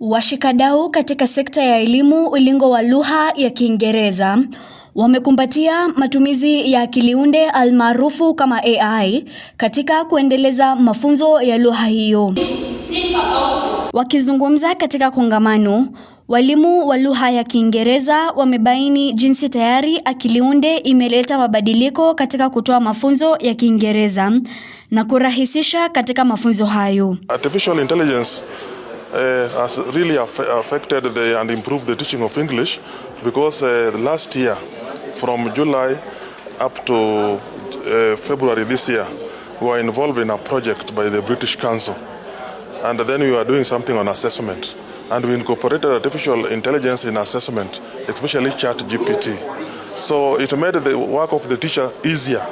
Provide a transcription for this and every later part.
Washikadau katika sekta ya elimu ulingo wa lugha ya Kiingereza wamekumbatia matumizi ya akiliunde almaarufu kama AI katika kuendeleza mafunzo ya lugha hiyo. Wakizungumza katika kongamano, walimu wa lugha ya Kiingereza wamebaini jinsi tayari akiliunde imeleta mabadiliko katika kutoa mafunzo ya Kiingereza na kurahisisha katika mafunzo hayo. Artificial intelligence uh, has really aff affected the, and improved the teaching of English because uh, last year, from July up to uh, February this year, we were involved in a project by the British Council. And then we were doing something on assessment. And we incorporated artificial intelligence in assessment, especially Chat GPT. So it made the work of the teacher easier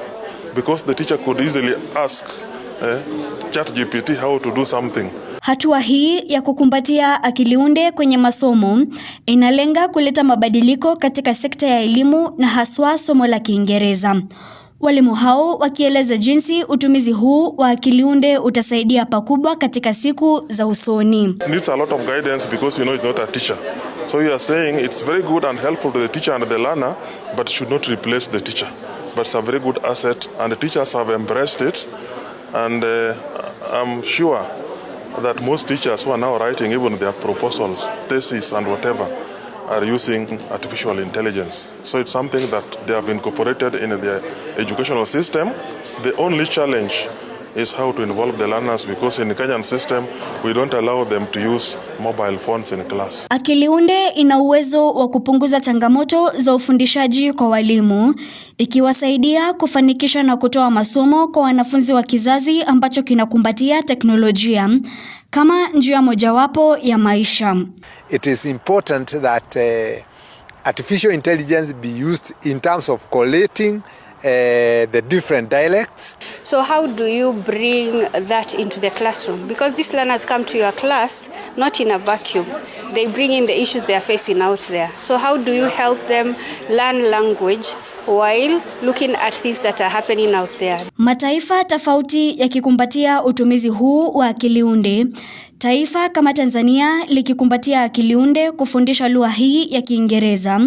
because the teacher could easily ask uh, Chat GPT how to do something. Hatua hii ya kukumbatia akili unde kwenye masomo inalenga kuleta mabadiliko katika sekta ya elimu na haswa somo la Kiingereza. Walimu hao wakieleza jinsi utumizi huu wa akili unde utasaidia pakubwa katika siku za usoni. Needs a lot of guidance because you know it's not a teacher. So you are saying it's very good and helpful to the teacher and the learner but should not replace the teacher. But it's a very good asset and the teachers have embraced it and uh, I'm sure that most teachers who are now writing even their proposals, theses, and whatever are using artificial intelligence. So it's something that they have incorporated in their educational system. The only challenge is how to involve the learners because in Kenyan system we don't allow them to use mobile phones in class. Akili Unde ina uwezo wa kupunguza changamoto za ufundishaji kwa walimu ikiwasaidia kufanikisha na kutoa masomo kwa wanafunzi wa kizazi ambacho kinakumbatia teknolojia kama njia mojawapo ya maisha. It is important that uh, artificial intelligence be used in terms of collating Uh, the different dialects. So how do you bring that into the classroom? Because these learners come to your class not in a vacuum. They bring in the issues they are facing out there. So how do you help them learn language while looking at things that are happening out there? Mataifa tofauti yakikumbatia utumizi huu wa akili unde Taifa kama Tanzania likikumbatia kiliunde kufundisha lugha hii ya Kiingereza,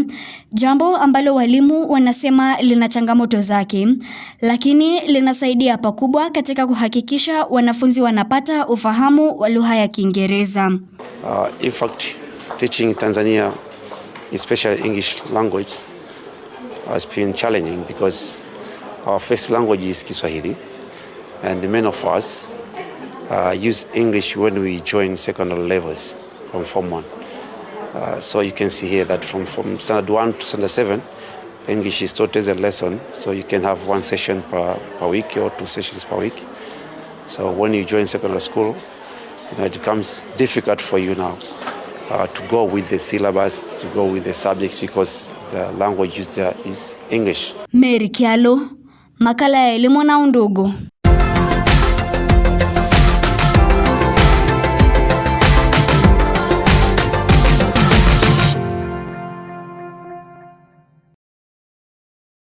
jambo ambalo walimu wanasema lina changamoto zake, lakini linasaidia pakubwa katika kuhakikisha wanafunzi wanapata ufahamu wa lugha ya Kiingereza. Uh, in fact, teaching Tanzania especially English language has been challenging because our first language is Kiswahili and the many of us uh, use English when we join secondary levels from Form 1. Uh, so you can see here that from, from Standard 1 to Standard 7, English is taught as a lesson. So you can have one session per, per week or two sessions per week. So when you join secondary school, you know, it becomes difficult for you now uh, to go with the syllabus, to go with the subjects because the language used there is English. Mary Kialo, makala Elimona Undogo.